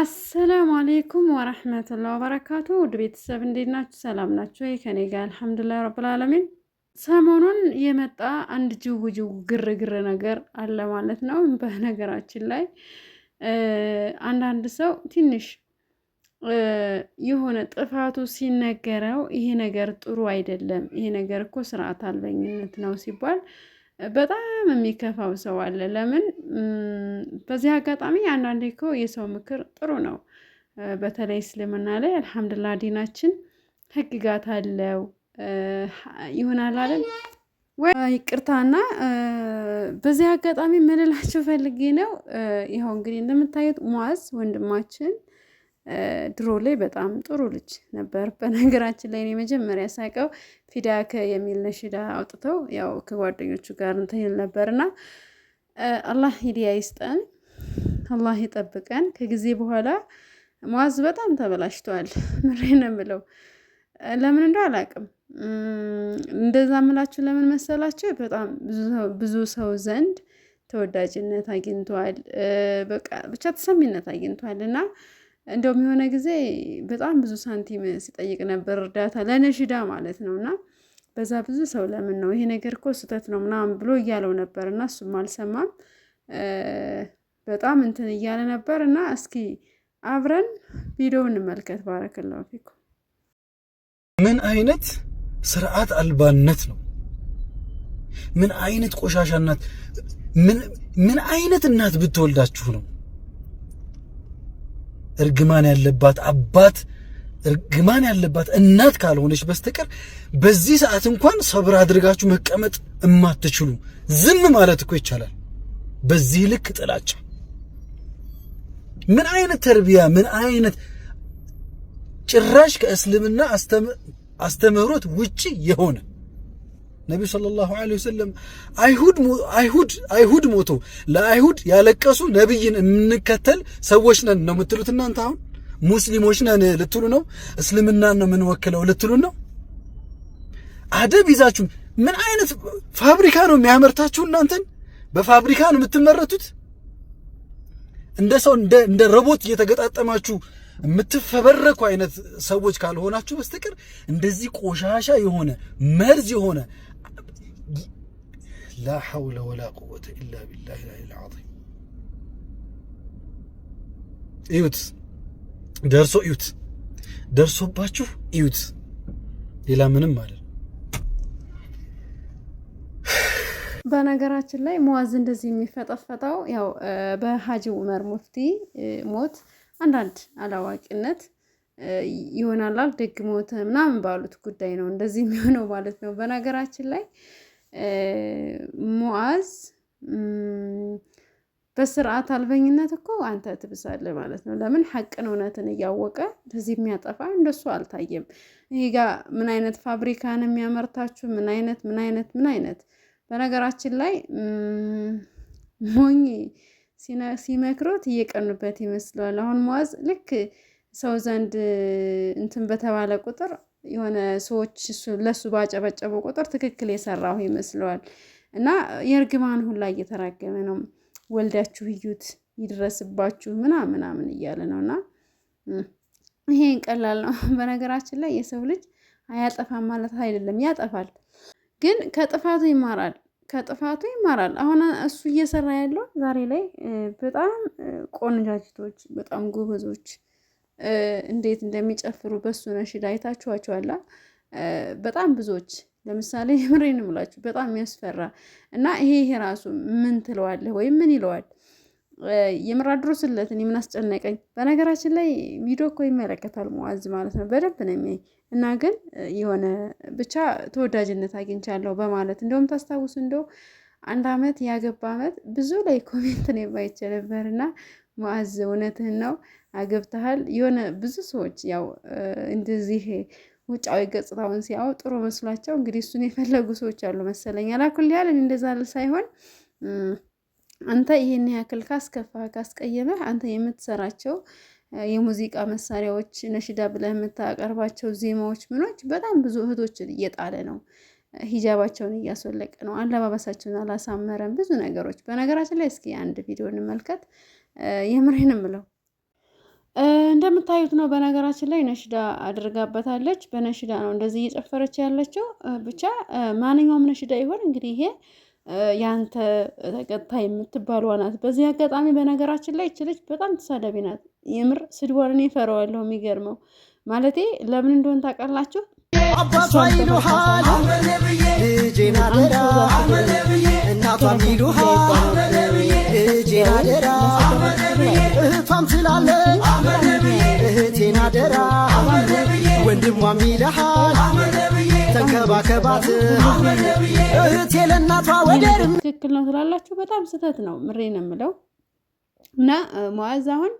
አሰላሙ አሌይኩም ወረህመቱላህ ወበረካቱ። ውድ ቤተሰብ እንዴት ናችሁ? ሰላም ናችሁ? ከኔ ጋር አልሐምዱሊላህ ረብል ዓለሚን። ሰሞኑን የመጣ አንድ ጅው ጅው ግርግር ነገር አለ ማለት ነው። በነገራችን ላይ አንዳንድ ሰው ትንሽ የሆነ ጥፋቱ ሲነገረው ይሄ ነገር ጥሩ አይደለም፣ ይሄ ነገር እኮ ስርዓት አልበኝነት ነው ሲባል በጣም የሚከፋው ሰው አለ። ለምን በዚህ አጋጣሚ አንዳንዴ እኮ የሰው ምክር ጥሩ ነው። በተለይ እስልምና ላይ አልሐምዱላ ዲናችን ህግጋት አለው ይሆናል አለን ይቅርታና በዚህ አጋጣሚ ምንላቸው ፈልጌ ነው። ይኸው እንግዲህ እንደምታዩት ሟዝ ወንድማችን ድሮ ላይ በጣም ጥሩ ልጅ ነበር። በነገራችን ላይ እኔ መጀመሪያ ሳቀው ፊዳ የሚል ነሽዳ አውጥተው ያው ከጓደኞቹ ጋር እንትን ይል ነበር እና አላህ ሂዲያ ይስጠን፣ አላህ ይጠብቀን። ከጊዜ በኋላ መዋዝ በጣም ተበላሽቷል። ምሬ ነው ምለው ለምን እንደው አላቅም። እንደዛ ምላችሁ ለምን መሰላችሁ? በጣም ብዙ ሰው ዘንድ ተወዳጅነት አግኝቷል። በቃ ብቻ ተሰሚነት አግኝተዋል እና እንደውም የሆነ ጊዜ በጣም ብዙ ሳንቲም ሲጠይቅ ነበር እርዳታ ለነሽዳ ማለት ነው። እና በዛ ብዙ ሰው ለምን ነው ይሄ ነገር እኮ ስህተት ነው ምናምን ብሎ እያለው ነበር እና እሱም አልሰማም በጣም እንትን እያለ ነበር እና እስኪ አብረን ቪዲዮ እንመልከት። ባረክላው ፊኩ ምን አይነት ስርዓት አልባነት ነው? ምን አይነት ቆሻሻ እናት፣ ምን አይነት እናት ብትወልዳችሁ ነው እርግማን ያለባት አባት እርግማን ያለባት እናት ካልሆነች በስተቀር በዚህ ሰዓት እንኳን ሰብር አድርጋችሁ መቀመጥ እማትችሉ ዝም ማለት እኮ ይቻላል። በዚህ ልክ ጥላቻ ምን አይነት ተርቢያ ምን አይነት ጭራሽ ከእስልምና አስተምህሮት ውጪ የሆነ ነቢዩ ሰለላሁ ዐለይሂ ወሰለም አይሁድ አይሁድ ሞቶ ለአይሁድ ያለቀሱ ነቢይን የምንከተል ሰዎች ነን ነው የምትሉት እናንተ አሁን ሙስሊሞች ነን ልትሉ ነው እስልምናን ነው የምንወክለው ልትሉ ነው አደብ ይዛችሁ ምን አይነት ፋብሪካ ነው የሚያመርታችሁ እናንተን በፋብሪካ ነው የምትመረቱት እንደ ሰው እንደ ሮቦት እየተገጣጠማችሁ የምትፈበረኩ አይነት ሰዎች ካልሆናችሁ በስተቀር እንደዚህ ቆሻሻ የሆነ መርዝ የሆነ حول ولا ወላ ቁወተ ኢላ ቢላህ العظيم إيوت درسو إيوت درسو ደርሶባችሁ إيوت ሌላ ምንም አለ። በነገራችን ላይ መዋዝ እንደዚህ የሚፈጠፈጠው ያው በሀጂ ኡመር ሙፍቲ ሞት አንዳንድ አላዋቂነት ይሆናላል ደግ ሞት ምናምን ባሉት ጉዳይ ነው እንደዚህ የሚሆነው ማለት ነው። በነገራችን ላይ ሙዓዝ በስርዓት አልበኝነት እኮ አንተ ትብሳለህ ማለት ነው። ለምን ሐቅን እውነትን እያወቀ ለዚህ የሚያጠፋ እንደሱ አልታየም። ይህ ጋ ምን አይነት ፋብሪካን የሚያመርታችሁ ምን አይነት ምን አይነት ምን አይነት በነገራችን ላይ ሞኝ ሲመክሮት እየቀኑበት ይመስለዋል። አሁን ሙዓዝ ልክ ሰው ዘንድ እንትን በተባለ ቁጥር የሆነ ሰዎች ለሱ ባጨበጨቡ ቁጥር ትክክል የሰራሁ ይመስለዋል እና የእርግማን ሁላ እየተራገመ ነው። ወልዳችሁ እዩት ይድረስባችሁ ምናምን ምናምን እያለ ነው እና ይሄን ቀላል ነው። በነገራችን ላይ የሰው ልጅ አያጠፋም ማለት አይደለም፣ ያጠፋል፣ ግን ከጥፋቱ ይማራል። ከጥፋቱ ይማራል። አሁን እሱ እየሰራ ያለው ዛሬ ላይ በጣም ቆንጃጅቶች፣ በጣም ጎበዞች እንዴት እንደሚጨፍሩ በሱ ነሽድ አይታችኋቸዋላ። በጣም ብዙዎች ለምሳሌ ምሬን ምላችሁ በጣም ያስፈራ እና ይሄ ይሄ ራሱ ምን ትለዋለህ ወይም ምን ይለዋል? የምራድሮስለትን የምን አስጨነቀኝ። በነገራችን ላይ ቪዲዮ እኮ ይመለከታል ሙዓዝ ማለት ነው በደንብ ነው የሚያይ እና ግን የሆነ ብቻ ተወዳጅነት አግኝቻለሁ በማለት እንደውም ታስታውሱ እንደው አንድ አመት ያገባ አመት ብዙ ላይ ኮሜንት ነው የማይቸ ነበር እና ሙዓዝ እውነትህን ነው አገብተሃል። የሆነ ብዙ ሰዎች ያው እንደዚህ ውጫዊ ገጽታውን ሲያው ጥሩ መስሏቸው እንግዲህ እሱን የፈለጉ ሰዎች አሉ መሰለኝ። አላኩል ያህል እንደዛ ሳይሆን አንተ ይህን ያክል ካስከፋ ካስቀየመህ አንተ የምትሰራቸው የሙዚቃ መሳሪያዎች ነሽዳ ብለህ የምታቀርባቸው ዜማዎች ምኖች በጣም ብዙ እህቶችን እየጣለ ነው። ሂጃባቸውን እያስወለቀ ነው። አለባበሳቸውን አላሳመረም። ብዙ ነገሮች በነገራችን ላይ እስኪ አንድ ቪዲዮ እንመልከት። የምሬን ምለው እንደምታዩት ነው። በነገራችን ላይ ነሽዳ አድርጋበታለች። በነሽዳ ነው እንደዚህ እየጨፈረች ያለችው። ብቻ ማንኛውም ነሽዳ ይሆን እንግዲህ ይሄ ያንተ ተቀጣይ የምትባሏ ናት። በዚህ አጋጣሚ በነገራችን ላይ ችለች በጣም ተሳዳቢ ናት። የምር ስድቧን እኔ እፈራዋለሁ። የሚገርመው ማለቴ ለምን እንደሆን ታውቃላችሁ? እናቷም ይሉሃል እህቴን አደራ እህቷም ስላለኝ እህቴን አደራ ወንድሟም ይልሃል ተንከባከባት እህቴ ለእናቷ ትክክል ነው ስላላችሁ በጣም ስህተት ነው። ምሬ ነው የምለው እና መዋዝ አሁን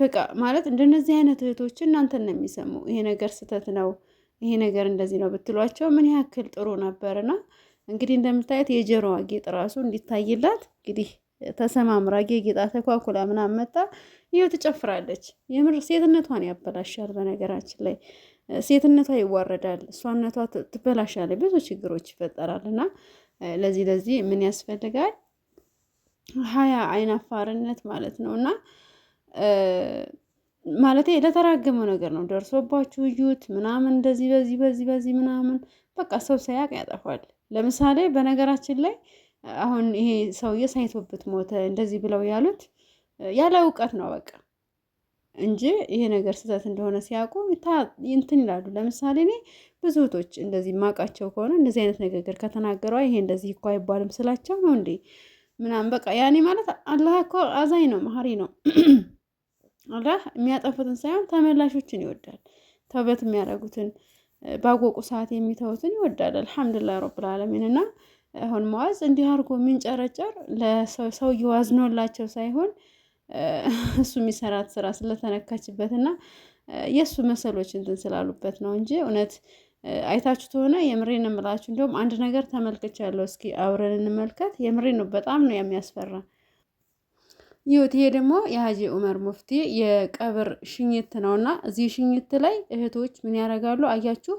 በቃ ማለት እንደነዚህ አይነት እህቶች እናንተን ነው የሚሰሙ። ይሄ ነገር ስህተት ነው፣ ይሄ ነገር እንደዚህ ነው ብትሏቸው ምን ያክል ጥሩ ነበርና እንግዲህ እንደምታየት የጆሮዋ ጌጥ ራሱ እንዲታይላት እንግዲህ ተሰማምራ ጌጣ ተኳኩላ ምናምን መጣ ይኸው ትጨፍራለች። የምር ሴትነቷን ያበላሻል። በነገራችን ላይ ሴትነቷ ይዋረዳል፣ እሷነቷ ትበላሻለች፣ ብዙ ችግሮች ይፈጠራል። እና ለዚህ ለዚህ ምን ያስፈልጋል? ሀያ አይን አፋርነት ማለት ነው እና ማለት ለተራገመው ነገር ነው ደርሶባችሁ እዩት ምናምን እንደዚህ በዚህ በዚህ በዚህ ምናምን በቃ ሰው ሳያቅ ያጠፋል። ለምሳሌ በነገራችን ላይ አሁን ይሄ ሰውዬ ሳይቶበት ሞተ እንደዚህ ብለው ያሉት ያለ እውቀት ነው በቃ እንጂ ይሄ ነገር ስህተት እንደሆነ ሲያውቁ እንትን ይላሉ። ለምሳሌ እኔ ብዙ እህቶች እንደዚህ ማውቃቸው ከሆነ እንደዚህ አይነት ንግግር ከተናገረ ይሄ እንደዚህ እኮ አይባልም ስላቸው ነው እንዴ ምናምን በቃ ያኔ ማለት አላህ እኮ አዛኝ ነው፣ መሀሪ ነው። አላህ የሚያጠፉትን ሳይሆን ተመላሾችን ይወዳል። ተውበት የሚያደርጉትን ባወቁ ሰዓት የሚተውትን ይወዳል። አልሐምዱሊላህ ረብልዓለሚን እና አሁን መዋዝ እንዲህ አድርጎ የሚንጨረጨር ለሰው አዝኖላቸው ሳይሆን እሱ የሚሰራት ስራ ስለተነካችበት እና የእሱ መሰሎች እንትን ስላሉበት ነው እንጂ እውነት አይታችሁ ተሆነ የምሬን እምላችሁ። እንዲሁም አንድ ነገር ተመልክቻለሁ። እስኪ አብረን እንመልከት። የምሬን ነው። በጣም ነው የሚያስፈራ። ይሁት ደግሞ የሀጂ ኡመር ሙፍቲ የቀብር ሽኝት ነውና እዚህ ሽኝት ላይ እህቶች ምን ያደርጋሉ? አያችሁ፣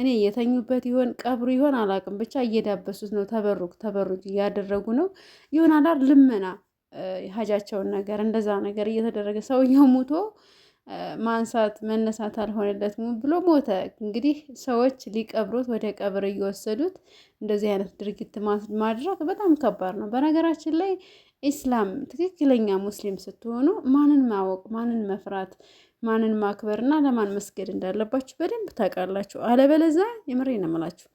እኔ የተኙበት ይሆን ቀብሩ ይሆን አላውቅም፣ ብቻ እየዳበሱት ነው። ተበሩክ ተበሩክ እያደረጉ ነው ይሆናል ልመና ሀጃቸውን ነገር እንደዛ ነገር እየተደረገ ሰውየው ሙቶ ማንሳት መነሳት አልሆነለትም ብሎ ሞተ። እንግዲህ ሰዎች ሊቀብሩት ወደ ቀብር እየወሰዱት እንደዚህ አይነት ድርጊት ማድረግ በጣም ከባድ ነው። በነገራችን ላይ ኢስላም ትክክለኛ ሙስሊም ስትሆኑ ማንን ማወቅ፣ ማንን መፍራት፣ ማንን ማክበር እና ለማን መስገድ እንዳለባችሁ በደንብ ታውቃላችሁ። አለበለዛ የምሬ ነው የምላችሁ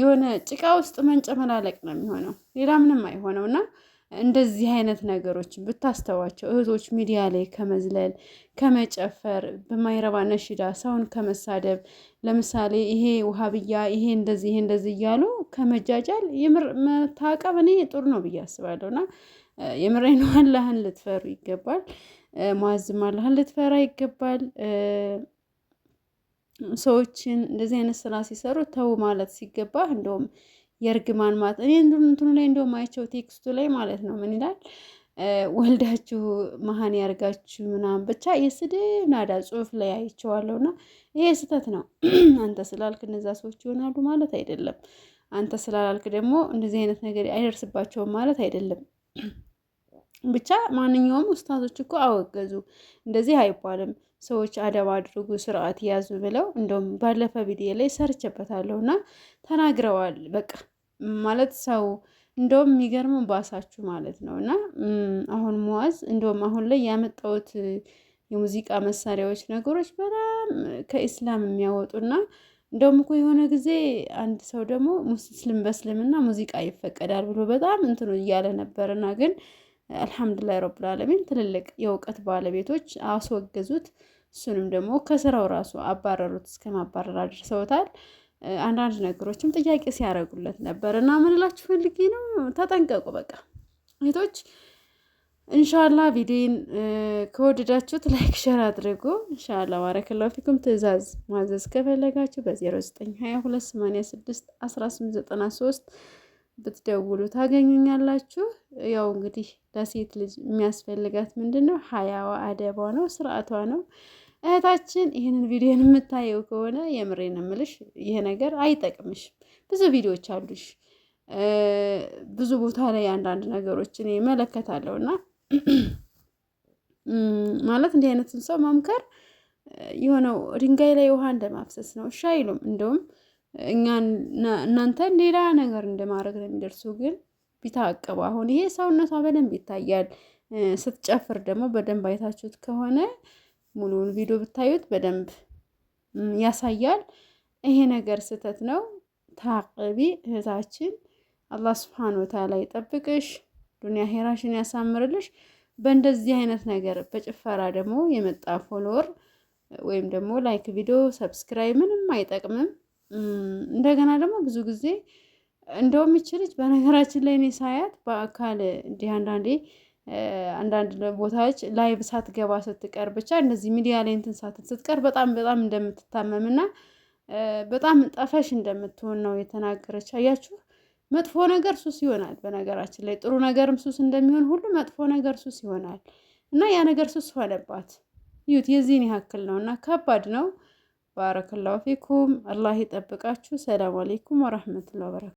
የሆነ ጭቃ ውስጥ መንጨመላለቅ ነው የሚሆነው፣ ሌላ ምንም አይሆነውና እንደዚህ አይነት ነገሮችን ብታስተዋቸው እህቶች ሚዲያ ላይ ከመዝለል ከመጨፈር በማይረባ ነሽዳ ሰውን ከመሳደብ ለምሳሌ ይሄ ውሃብያ ይሄ እንደዚህ ይሄ እንደዚህ እያሉ ከመጃጃል የምር መታቀብ እኔ ጥሩ ነው ብዬ አስባለሁና የምሬን አላህን ልትፈሩ ይገባል። ሙአዝም አላህን ልትፈራ ይገባል። ሰዎችን እንደዚህ አይነት ስራ ሲሰሩ ተው ማለት ሲገባ እንደውም የእርግማን ማለት እኔ እንትኑ ላይ እንደውም አይቸው ቴክስቱ ላይ ማለት ነው ምን ይላል ወልዳችሁ መሀን ያርጋችሁ ምናምን ብቻ የስድብ ናዳ ጽሁፍ ላይ አይቼዋለሁ። እና ይሄ ስህተት ነው። አንተ ስላልክ እነዛ ሰዎች ይሆናሉ ማለት አይደለም። አንተ ስላላልክ ደግሞ እንደዚህ አይነት ነገር አይደርስባቸውም ማለት አይደለም። ብቻ ማንኛውም ውስታዞች እኮ አወገዙ። እንደዚህ አይባልም፣ ሰዎች አደብ አድርጉ፣ ስርዓት ያዙ ብለው እንደውም ባለፈ ቪዲዮ ላይ ሰርቼበታለሁ እና ተናግረዋል በቃ ማለት ሰው እንደውም የሚገርመው ባሳችሁ ማለት ነው። እና አሁን መዋዝ እንደውም አሁን ላይ ያመጣሁት የሙዚቃ መሳሪያዎች ነገሮች በጣም ከኢስላም የሚያወጡና እንደውም እኮ የሆነ ጊዜ አንድ ሰው ደግሞ ሙስሊም በእስልምና ሙዚቃ ይፈቀዳል ብሎ በጣም እንትኑ እያለ ነበርና ግን አልሐምዱሊላህ ረብል ትልልቅ የእውቀት ባለቤቶች አስወገዙት። እሱንም ደግሞ ከስራው ራሱ አባረሩት፣ እስከ ማባረር አድርሰውታል። አንዳንድ ነገሮችም ጥያቄ ሲያደርጉለት ነበር እና ምንላችሁ ፈልጌ ነው፣ ተጠንቀቁ። በቃ እህቶች እንሻላ ቪዲዮን ከወደዳችሁት ላይክ ሸር አድርጉ። እንሻላ ባረከላሁ ፊኩም። ትዕዛዝ ማዘዝ ከፈለጋችሁ በ0922861893 ብትደውሉ ታገኙኛላችሁ። ያው እንግዲህ ለሴት ልጅ የሚያስፈልጋት ምንድን ነው? ሀያዋ አደቧ ነው፣ ስርዓቷ ነው። እህታችን ይህንን ቪዲዮ የምታየው ከሆነ የምሬን እምልሽ ይሄ ነገር አይጠቅምሽም። ብዙ ቪዲዮዎች አሉሽ፣ ብዙ ቦታ ላይ አንዳንድ ነገሮችን እመለከታለሁ እና ማለት እንዲህ አይነትን ሰው መምከር የሆነው ድንጋይ ላይ ውሃ እንደማፍሰስ ነው። እሺ አይሉም። እንደውም እኛ እናንተን ሌላ ነገር እንደማድረግ ነው የሚደርሱ። ግን ቢታቀቡ አሁን ይሄ ሰውነቷ በደንብ ይታያል። ስትጨፍር ደግሞ በደንብ አይታችሁት ከሆነ ሙሉውን ቪዲዮ ብታዩት በደንብ ያሳያል። ይሄ ነገር ስህተት ነው። ታቅቢ እህታችን፣ አላህ ስብሓን ወተዓላ ይጠብቅሽ፣ ዱኒያ ሄራሽን ያሳምርልሽ። በእንደዚህ አይነት ነገር በጭፈራ ደግሞ የመጣ ፎሎወር ወይም ደግሞ ላይክ ቪዲዮ ሰብስክራይብ ምንም አይጠቅምም። እንደገና ደግሞ ብዙ ጊዜ እንደውም ይችልች በነገራችን ላይ እኔ ሳያት በአካል እንዲህ አንዳንዴ አንዳንድ ቦታዎች ላይቭ ሳትገባ ስትቀር ብቻ እንደዚህ ሚዲያ ላይ እንትን ሳትን ስትቀር በጣም በጣም እንደምትታመምና በጣም ጠፈሽ እንደምትሆን ነው የተናገረች። አያችሁ፣ መጥፎ ነገር ሱስ ይሆናል። በነገራችን ላይ ጥሩ ነገርም ሱስ እንደሚሆን ሁሉ መጥፎ ነገር ሱስ ይሆናል እና ያ ነገር ሱስ ሆነባት። ይሁት የዚህን ያክል ነው እና ከባድ ነው። ባረከላሁ ፊኩም። አላህ ይጠብቃችሁ። ሰላም አሌይኩም ወረህመቱላ በረካቱ